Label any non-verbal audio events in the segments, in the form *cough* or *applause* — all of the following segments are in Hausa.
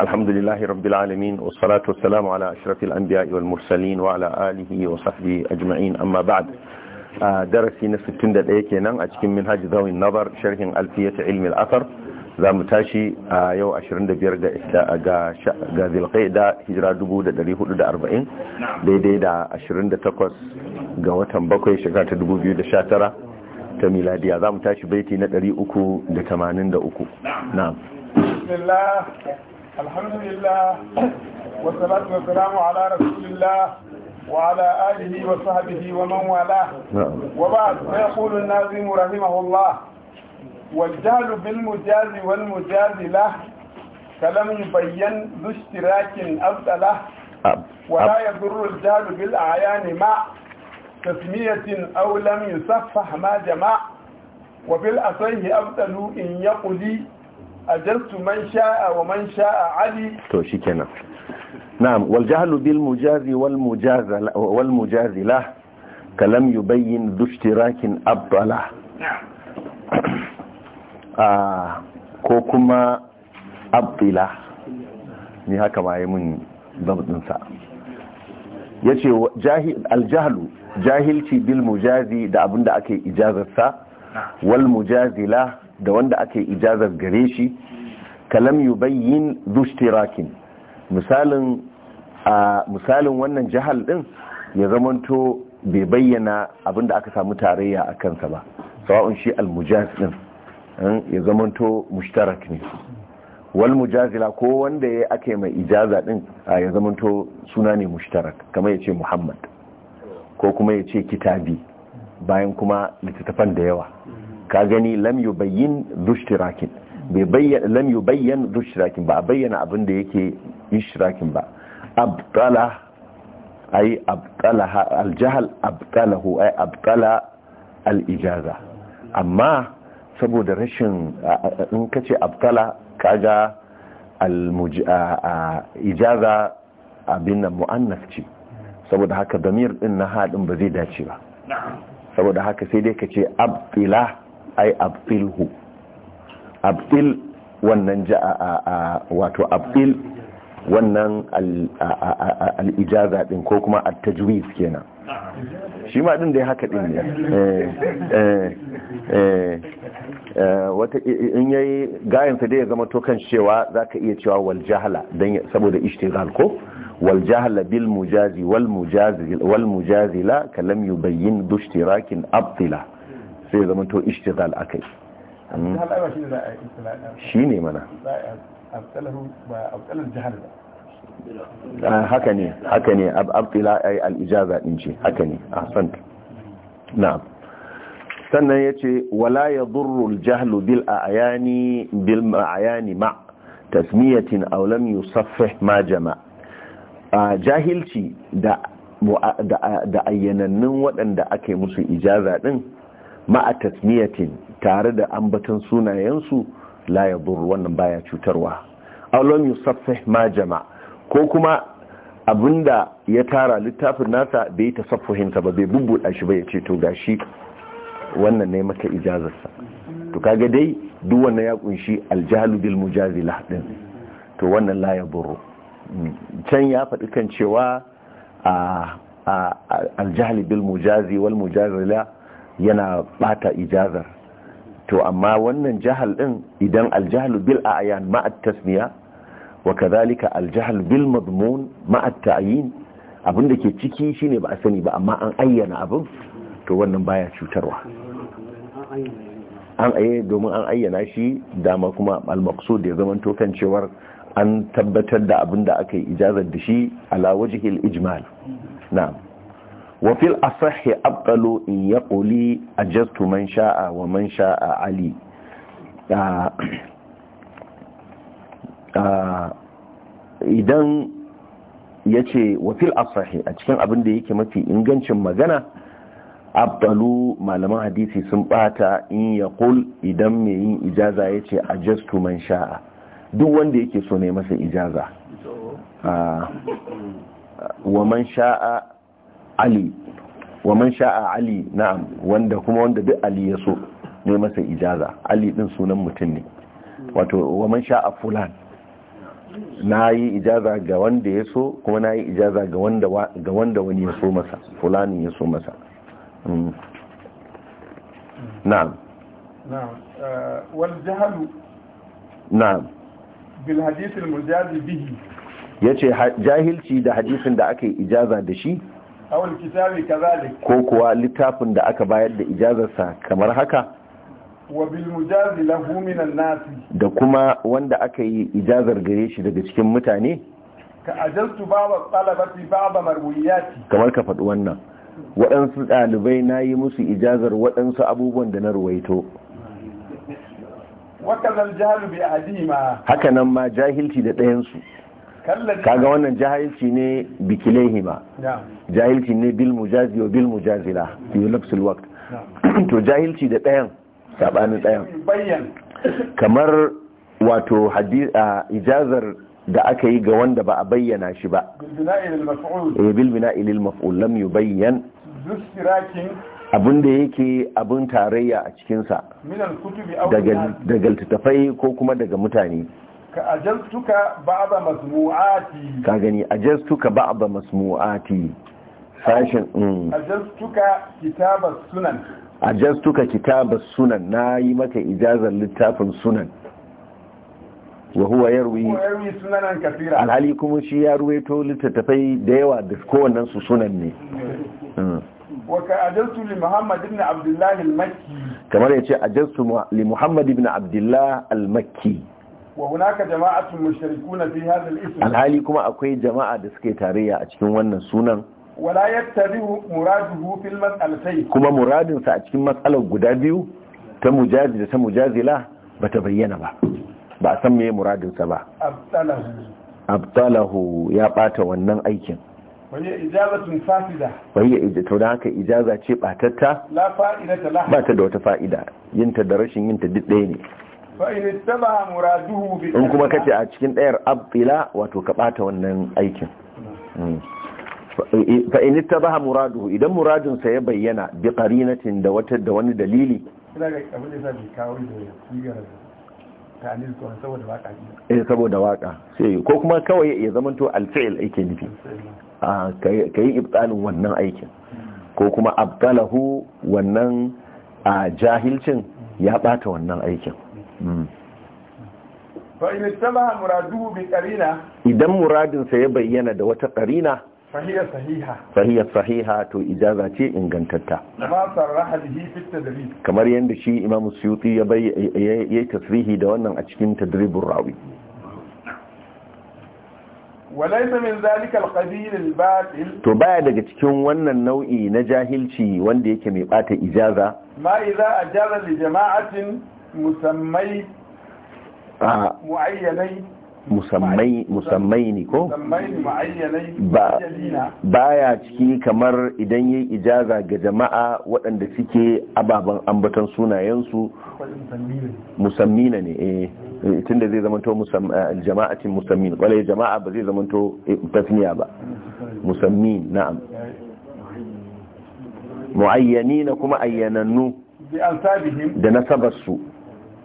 الحمد لله رب العالمين والصلاة والسلام على أشرف الأنبياء والمرسلين وعلى آله وصحبه أجمعين أما بعد درسي نفس التندة الأيكينا أتكم من هاج ذوي النظر شرح ألفية علم الأثر ذا متاشي يو أشرين دبير غا ذي القيدة هجرة دبو دا دريه دا أربعين دي دي دا أشرين دا تقوس غا وطن بكوي شكات دبو بيو دا شاترة تميلادية ذا متاشي بيتي ندري أكو دا تمانين دا أكو نعم بسم الله الحمد لله والصلاة والسلام على رسول الله وعلى آله وصحبه ومن والاه نعم. وبعد فيقول الناظم رحمه الله والجهل بالمجاز والمجاز له فلم يبين ذو اشتراك أبدله ولا يضر الجهل بالأعيان مع تسمية أو لم يصفح ما جمع وبالأصيه أفضل إن يقلي ajartu man sha'a wa man sha'a ali to shikenan na'am wal jahlu bil mujazi wal mujazala wal mujazila kalam yubayyin dushtirakin abdala a ah, ko kuma abdila ni haka ma yi mun babdinsa ya al aljahalu jahilci bil mujazi da abinda aka ijazarsa wal mujazila da wanda aka ijazar gare shi kalam yubayyin dushtirakin misalin a misalin wannan jihar din ya zamanto bai bayyana abinda aka samu tarayya a kansa ba sawa'un shi almujaz din hmm, ya zamanto mushtarak ne wal mujazila ko wanda ya ake mai ijaza din ya zamanto suna ne mushtarak kamar ya ce muhammad ko kuma ya ce kitabi bayan kuma littattafan da yawa ka gani lam yi dushtirakin bai bayyana ba a bayyana abin da yake shirakin ba abdala ay abtala aljahl abtalahu ay abdala alijaza amma saboda rashin in kace ka kaga ijaza abin nan mu'annaf ce saboda haka damir din na haɗin ba zai dace ba saboda haka sai dai ka ce abtila ai abfilhu abfil wannan a wato abfil wannan al'ijaza din ko kuma at-tajwiz kenan shi ma din ya haka din ne eh, eh, eh, wata in yayi gayansa dai ya zama to kan cewa ka iya cewa wal jahala saboda ishtighal ko wal jahala bil mujazi wal mujazi wal mujazila kalam yubayyin du ishtirakin abtila sai ya zamanto ishtigal akai shi ne mana haka ne haka ne abtila ijaza din ce haka ne ahsan na'am sannan yace wala yadurru al-jahl bil ayani bil ma tasmiyatin aw lam yusaffih ma jama jahilci da da ayyanannun waɗanda ake musu ijaza din ma'a tasmiyatin tare da ambaton sunayensu la ya wannan baya cutarwa aulon yusaffih ma jama ko kuma abinda ya tara littafin nasa bai ta saffuhinsa ba bai bubbuɗa shi ba ya ce to gashi wannan ne maka ijazarsa to kaga dai duk wannan ya kunshi aljahalu bil mujazila din to wannan la ya buru can ya faɗi kan cewa a aljahali bil mujazi wal mujazila yana bata ijazar to amma wannan jahal din idan aljahlu bil ayan ma at tasmiya wa kadhalika aljahl bil madmun ma at ta'yin abinda ke ciki shine ba a sani ba amma an ayyana abin to wannan baya cutarwa an aye domin an ayyana shi dama kuma al-maqsud ya zama to kan cewar an tabbatar da abinda aka yi ijazar da shi ala wajhil ijmal na'am asahi وفي الأصح أبطل إن يقولي man sha'a wa man sha'a Ali. idan ya ce wafil asahi a cikin abin da yake mafi ingancin magana abdalu malaman hadisi sun bata in ya kul idan mai yin ijaza ya ce a jastu man sha'a duk wanda yake so ne masa ijaza wa man sha'a ali wa man sha'a ali na'am wanda kuma wanda duk ali ya so ne masa ijaza ali din sunan mutum ne wato wa man sha'a fulan na yi ijaza ga wanda ya so kuma na yi ijaza ga wanda wani ya so masa fulani ya so masa mm. na'am uh, wal na'am bil hadith al mujazi bihi yace jahilci da hadisin da aka yi ijaza da shi awal kitabi kazalik ko kuwa littafin da aka bayar da ijazarsa kamar haka wa bil mujazi lahu min an-nas da kuma wanda aka yi ijazar gare shi daga cikin mutane ka ajaltu baba talabati baba marwiyati kamar ka faɗi wannan waɗansu ɗalibai na yi musu ijazar waɗansu abubuwan da na ruwaito wakazan jahalu bi adima haka nan ma jahilci da ɗayansu kaga wannan jahilci ne ma jahilci ne bil mujazi wa bil mujazila fi lafsul waqt *clears throat* to jahilci da ɗayan sabanin ɗayan kamar wato ijazar da aka yi ga wanda ba a bayyana shi ba bil bina ilil eh, maf'ul lam yubayyan abin yake abin tarayya a cikinsa daga littattafai ko kuma daga mutane ka ajastuka ba'da masmu'ati ka gani ajastuka ba'da masmu'ati fashion mm ajastuka kitabas sunan ajastuka kitabas sunan nayi maka ijazar littafin sunan wa huwa yarwi sunanan kafira. alhali kuma shi ya ruwaito littattafai da yawa da kowannen su sunan ne mm. Wa waka ajastu li muhammad ibn abdullah al-makki kamar yace ajastu li muhammad ibn abdullah al-makki wa hunaka jama'atun mushrikuna fi hadha al-ism alhali kuma akwai jama'a da suke tarayya a cikin wannan sunan wala yattabi'u muraduhu fil mas'alatayn kuma muradin sa a cikin mas'alar guda biyu ta mujazi da ta mujazila bata bayyana ba ba a san meye muradin sa ba abtalahu ya bata wannan aikin waye ijazatun fasida wani to da haka ijaza ce batatta la fa'idata laha ba ta da wata fa'ida yinta da rashin yinta duk ɗaya ne in kuma kace a cikin ɗayar abdila wato ka bata wannan aikin hmm. fa in muraduhu idan muradun sa ya bayyana bi qarinatin da wata da wani dalili eh saboda waka sai ko kuma kawai ya zamanto alfi'il yake nufi a ah, kai ibtalin wannan aikin hmm. ko kuma abdalahu wannan a ah, jahilcin ya bata wannan aikin fa'in ittaba muradu bi qarina idan muradin sa ya bayyana da wata qarina Sahiha, sahiha Sahiha, sahiha to ijaza ce ingantatta ma sarraha bihi fi tadrib kamar yanda shi imamu suyuti ya yayi tasrihi da wannan a cikin tadribur rawi walaisa min zalika alqabil albatil to baya daga cikin wannan nau'i na jahilci wanda yake mai bata ijaza ma a ajaza li jama'atin musammai mu'ayyanai ko ba ya ciki kamar idan yi ijaza ga jama'a waɗanda suke ababen ambatan sunayensu musammina ne eh, eh tun da zai zamanto eh, jama'atin musammin kwalai jama'a ba zai zamanto eh, tasniya ba musammin na'am mu'ayyani na kuma ayyanannu da nasabarsu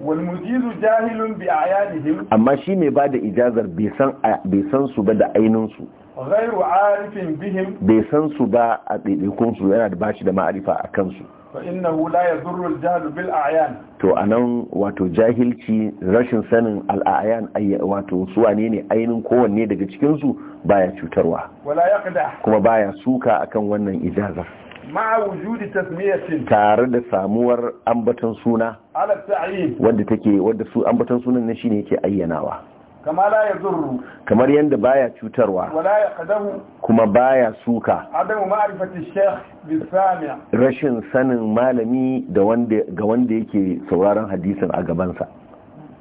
walmujizu jahilun bi ayanihim amma shi mai bada ijazar bai san bai san su ba da ainin su ghairu arifin bihim bai san su ba a daidaikun su yana da bashi da ma'arifa a kansu fa innahu la yadurru al-jahl bil a'yan to anan wato jahilci rashin sanin al-a'yan wato su wane ne ainin kowanne daga cikin su baya cutarwa wala yaqda kuma baya suka akan wannan ijazar ma'a wujudi tasmiyatin tare da samuwar ambaton suna ala ta'yin wanda take wanda su ambaton sunan ne shine yake ayyanawa kama la yazurru kamar yanda baya cutarwa wala ya yaqdahu kuma baya suka adamu ma'rifati shaykh bisami' rashin sanin malami da wanda ga wanda yake sauraron hadisin a gaban sa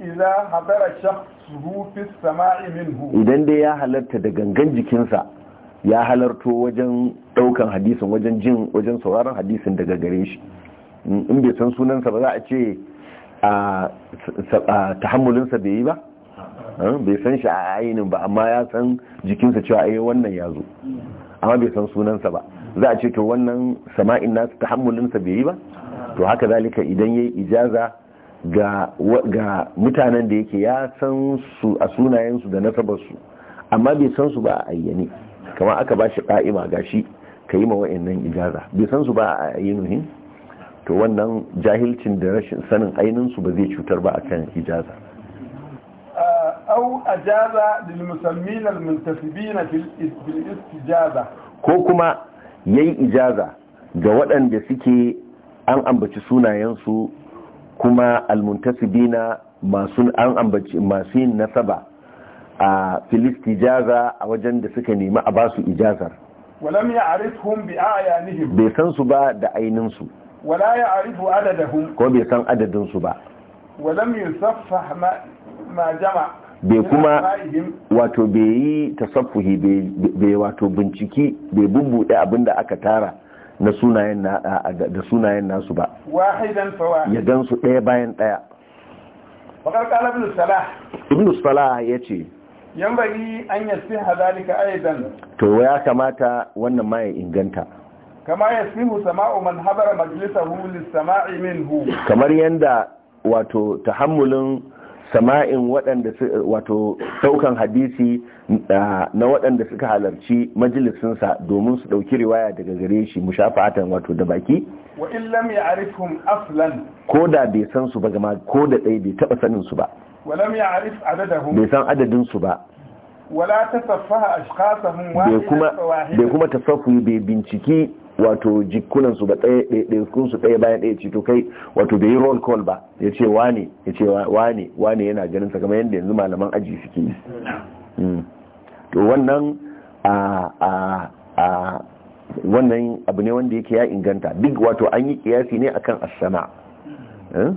idza hadara shakhsuhu fi samai minhu idan dai ya halarta da gangan jikinsa ya halarto wajen daukan hadisin wajen jin wajen sauraron hadisin daga gare shi in bai san sunansa ba za a ce a tahammulinsa bai yi ba bai san shi a ainihin ba amma ya san jikinsa cewa "Ayi, wannan ya zo amma bai san sunansa ba za a ce to wannan sama'in nasu tahammulinsa bai yi ba to haka zalika idan ya yi ijaza ga mutanen da yake ya san su a sunayensu da nasabarsu amma bai san su ba a ayyane kamar aka ba shi ƙa'ima ga shi ka yi ma nan ijaza bai san su ba a ainihin to wannan jahilcin da rashin sanin ainihin su ba zai cutar ba a kan ijaza au ajaza jaza musammin al muntasibin fil istijaza ko kuma ya yi ijaza ga waɗanda suke an ambaci sunayensu kuma almuntasibina masu an ambaci masu yin nasaba a filist ijaza a wajen da suka nemi a basu ijazar walam ya arifhum bi ayanihim bai san su ba da ainin su wala ya arifu adadahum ko bai san adadin su ba walam yusaffah ma jama bai kuma wato bai yi tasaffuhi bai wato binciki bai bubbude abinda aka tara na sunayen na da sunayen nasu ba wahidan fawa ya gansu ɗaya bayan ɗaya. Bakar Ibn Salah. Ibn Salah ya ce, yanbaghi an yasiha zalika aidan to ya kamata wannan ma inganta kama yasihu sama'u man habara majlisahu lis-sama'i minhu kamar yanda wato tahammulin sama'in waɗanda wato daukan hadisi na waɗanda suka halarci majalisinsa domin su ɗauki riwaya daga gare shi mushafa'atan wato da baki wa in lam ya'rifhum Aflan. ko da bai san su ba gama ko da ɗaya bai taɓa sanin su ba ولم يعرف عددهم بيسان عددين سبا ولا تصفها أشخاصهم واحدة بيكما تصفوا ببنشكي wato jikunansu ba ɗaiɗaikunsu ɗaya bayan ɗaya ce to kai wato bai yi roll call ba ya ce wane ya ce wane wane yana ganin sa kamar yadda yanzu malaman aji suke yi mm. to wannan a a wannan abu ne wanda yake ya inganta duk wato an yi kiyasi ne akan as-sama eh?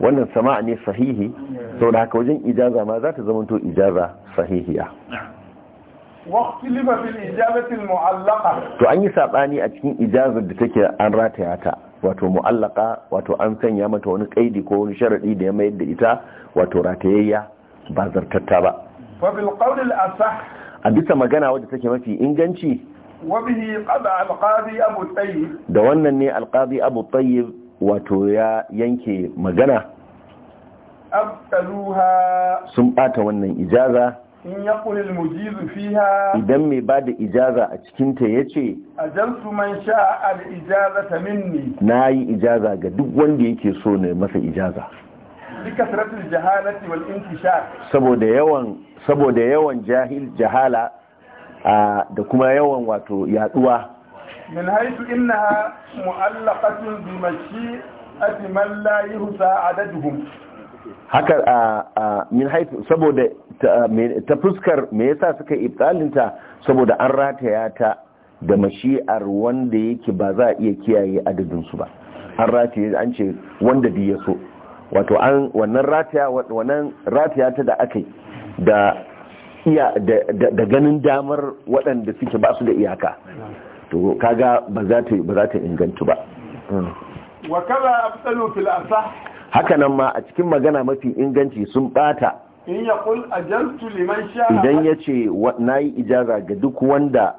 wannan sama ne sahihi sau da haka wajen ijaza ma za ta zamanto ijaza sahihiya to an yi saɓani a cikin ijazar da take an rataya ta wato mu'allaka wato an sanya mata wani kaidi ko wani sharaɗi da ya mayar da ita wato ratayayya ba zartatta ba a bisa magana wadda take mafi inganci da wannan ne alƙadi abu tsayi wato ya yanke magana abtaluha sun bata wannan ijaza in ya al mujizu fiha idan mai ba da ijaza a cikinta cikin ta A ajaltu man sha al ta minni yi ijaza ga duk wanda yake so ne masa ijaza bikasratil jahalati wal intishar saboda yawan saboda yawan jahil jahala da kuma yawan wato yaduwa min haitu innaha mu'allaqatun bi mashi'ati man la yuhsa adaduhum haka a min haifu saboda ta fuskar me yasa suka ibtalinta saboda an rataya ta da mashi'ar wanda yake ba za a iya kiyaye adadinsu ba an rataya an ce wanda bi ya so wato an wannan rataya wannan ta da aka yi da iya da ganin damar waɗanda suke ba su da iyaka to kaga ba za ta ba inganta ba wa kaza abtalu fil asah haka nan ma a cikin magana mafi inganci sun bata idan ya ce na yi ijaza ga duk wanda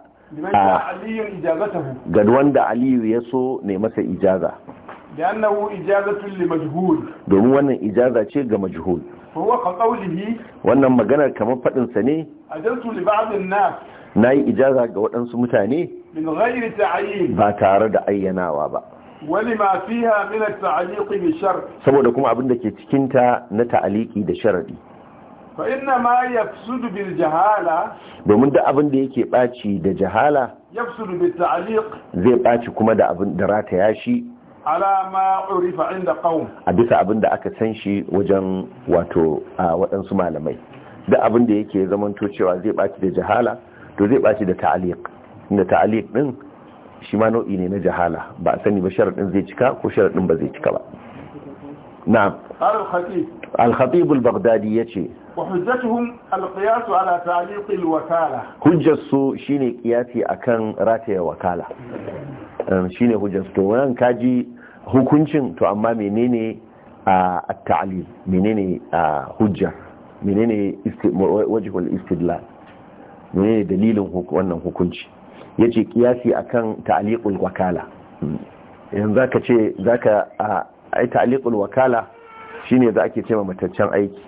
ga wanda aliyu ya so ne masa ijaza domin wannan ijaza ce ga majhul wannan maganar kamar fadinsa ne na yi ijaza ga waɗansu mutane ba tare da ayyanawa ba ولما فيها من التعليق بالشرط saboda kuma abin da ke cikin ta na ta'aliki da sharadi fa inna ma yafsudu bil jahala domin da abin da yake baci da jahala yafsudu bil ta'liq zai baci kuma da abin da rata yashi ala ma urifa inda qaum a bisa abin da aka san shi wajen wato a waɗansu malamai da abin da yake zamanto cewa zai baci da jahala to zai baci da ta'liq inda ta'liq din shi ma nau'i ne na jahala ba a sani ba sharaɗin zai cika ko sharaɗin ba zai cika ba na al-khatib al-baghdadi yace وحجتهم القياس على تعليق الوكالة حجسو شيني قياسي أكن راتي وكالة شيني حجسو ونان كاجي hukuncin to amma menene a ta'alil menene a hujja menene wajihul istidlal menene dalilin wannan hukunci ya ce kiyasi a kan ta'aliƙul wakala yanzu za ka ce za ka yi ta'aliƙul wakala shi ne za ake ce mataccen aiki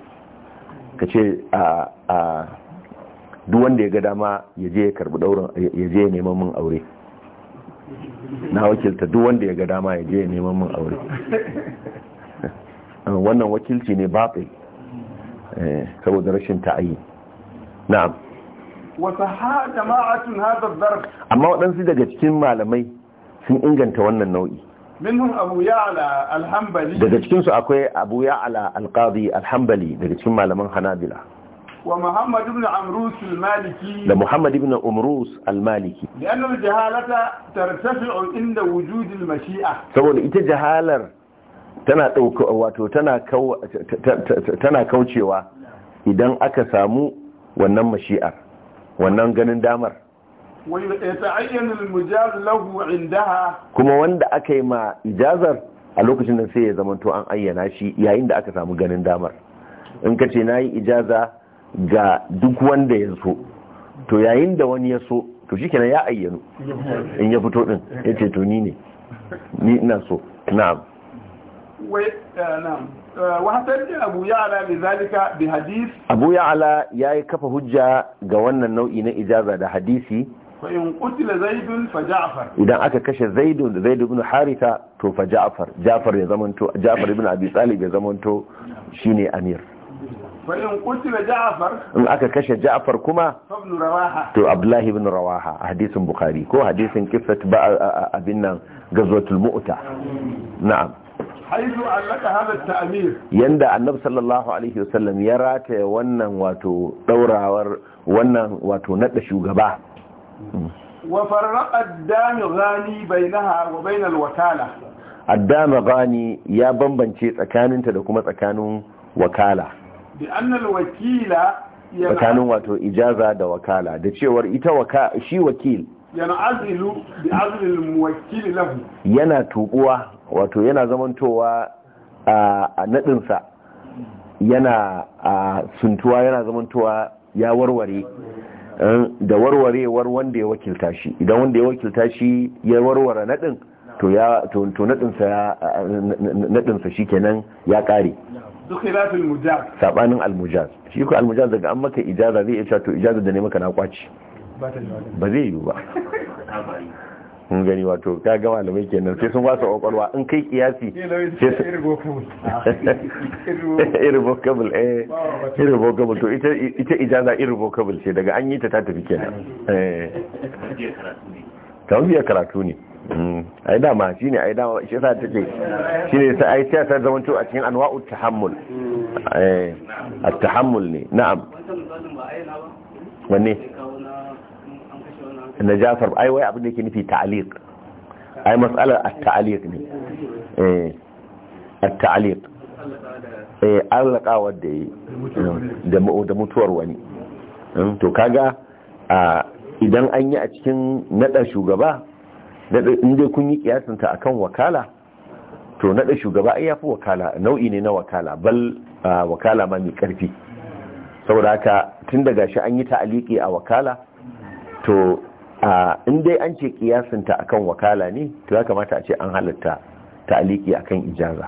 ka ce a duk wanda ya ga dama ya je ya karbi daurin ya je ya neman mun aure na wakilta duk wanda ya ga dama ya je ya neman mun aure wannan wakilci ne batil eh, saboda rashin ta'ayi na'am amma waɗansu daga cikin malamai sun inganta wannan nau'i abu daga cikinsu akwai abu al-qadi al alhambali daga cikin malaman hanabila wa muhammad ibn amrus al-maliki da muhammad ibn amrus al-maliki lianna jahalata tartafi'u inda wujud al-mashi'a saboda ita jahalar tana dauka wato tana tana kaucewa idan aka samu wannan mashi'ar wannan ganin damar kuma wanda aka yi ma ijazar a lokacin da sai ya zamanto an ayyana shi yayin da aka samu ganin damar in ka ce na yi ijaza ga duk wanda ya so to yayin da wani ya so to shi kenan ya ayyano in ya fito din ya ce to ni ne ni ina so na'am eh, Eh, abu ya ala ya yi kafa hujja ga wannan nau'i na ijaza da hadisi idan aka kashe zaid Zaidun ibn haritha to fa ja'far ja'far ya zamanto ja'far ibn abi talib ya zamanto shine amir fa in in aka kashe ja'far kuma to Abdullahi ibn rawaha hadisin bukhari ko hadisin kifat ba abin nan gazwatul mu'ta na'am allaka yanda annabi sallallahu alaihi wasallam ya rataya wannan wato daurawar wannan wato nada shugaba wa farraqa ad-dami ghani bainaha wa bainal wakala ad-dami ghani ya bambance tsakaninta da kuma tsakanin wakala bi annal wakila tsakanin wato ijaza da wakala da cewar ita waka shi wakil yana azilu bi azlil muwakkil lahu yana tubuwa wato yana zamantowa a naɗinsa yana a suntuwa yana zamantowa ya warware eh, da warwarewar wanda ya wakilta shi idan wanda ya wakilta shi ya warware naɗin to ya to naɗinsa shi kenan ya ƙare Sabanin almujaz shi ku almujaz daga an maka ijaza zai iya to ijaza da ne maka na kwaci ba zai yiwu ba *laughs* mun gani wato ka ga malamai kenan sai sun wasa kwakwalwa in kai kiyasi irrevocable *laughs* eh irrevocable to ita ita ijaza irrevocable ce daga an yi ta ta tafi kenan eh tambiyar karatu ne hmm. ai dama shi ne ai dama shi sa take shine sai ai sai ta zama to a cikin anwa'ut tahammul eh at-tahammul ne na'am wanne na jafar ai wai abin da yake nufi ta'aliq ai mas'alar at-ta'aliq ne eh at-ta'aliq eh alaka wadda yi da da mutuwar wani hmm, to kaga idan an yi a cikin nada shugaba in dai kun yi kiyasanta akan wakala to nada shugaba ai yafi wakala nau'i ne na wakala bal wakala ma mai karfi saboda haka tun daga shi an yi ta'aliki a wakala to in dai an ce kiyasinta a kan wakala ne to ya kamata a ce an halitta ta akan a kan ijaza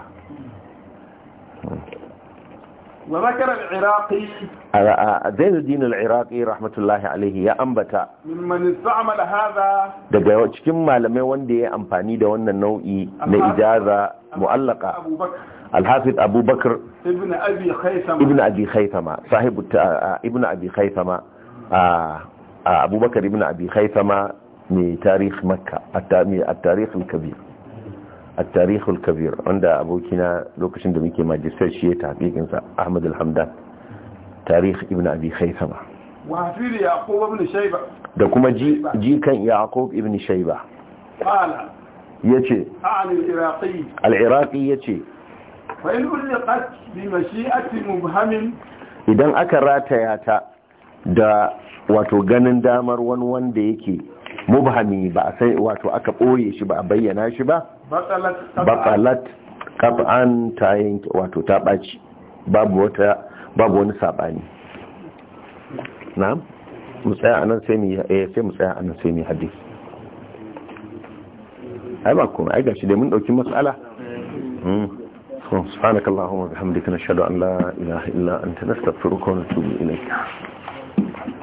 zai dinar iraki rahmatullahi alaihi ya ambata daga cikin malamai wanda ya yi amfani da wannan nau'i na ijaza mu'allaka alhafi abubakar ibn abi khaifama A abubakar ibn abi haifama mai tarih makka a tarihul kabir a tarihul kabir wanda abokina lokacin da muke majistar shi ya tafiƙinsa ahmad alhamdan tarih ibn abi haifama da kuma jikan yaqub ibn shaiba ya ce al'iraƙi ya ce idan aka rataya ta da wato ganin damar wani wanda yake mubhami ba sai wato aka ɓoye shi ba a bayyana shi ba bakalat kaf'an ta yanke wato ta ɓaci babu wani saɓani Na mu tsaya a nan eh, sai mu tsaya a nan sai mu hadis ai ba kuma ai gashi dai mun ɗauki matsala سبحانك اللهم وبحمدك نشهد أن لا إله إلا أنت نستغفرك ونتوب إليك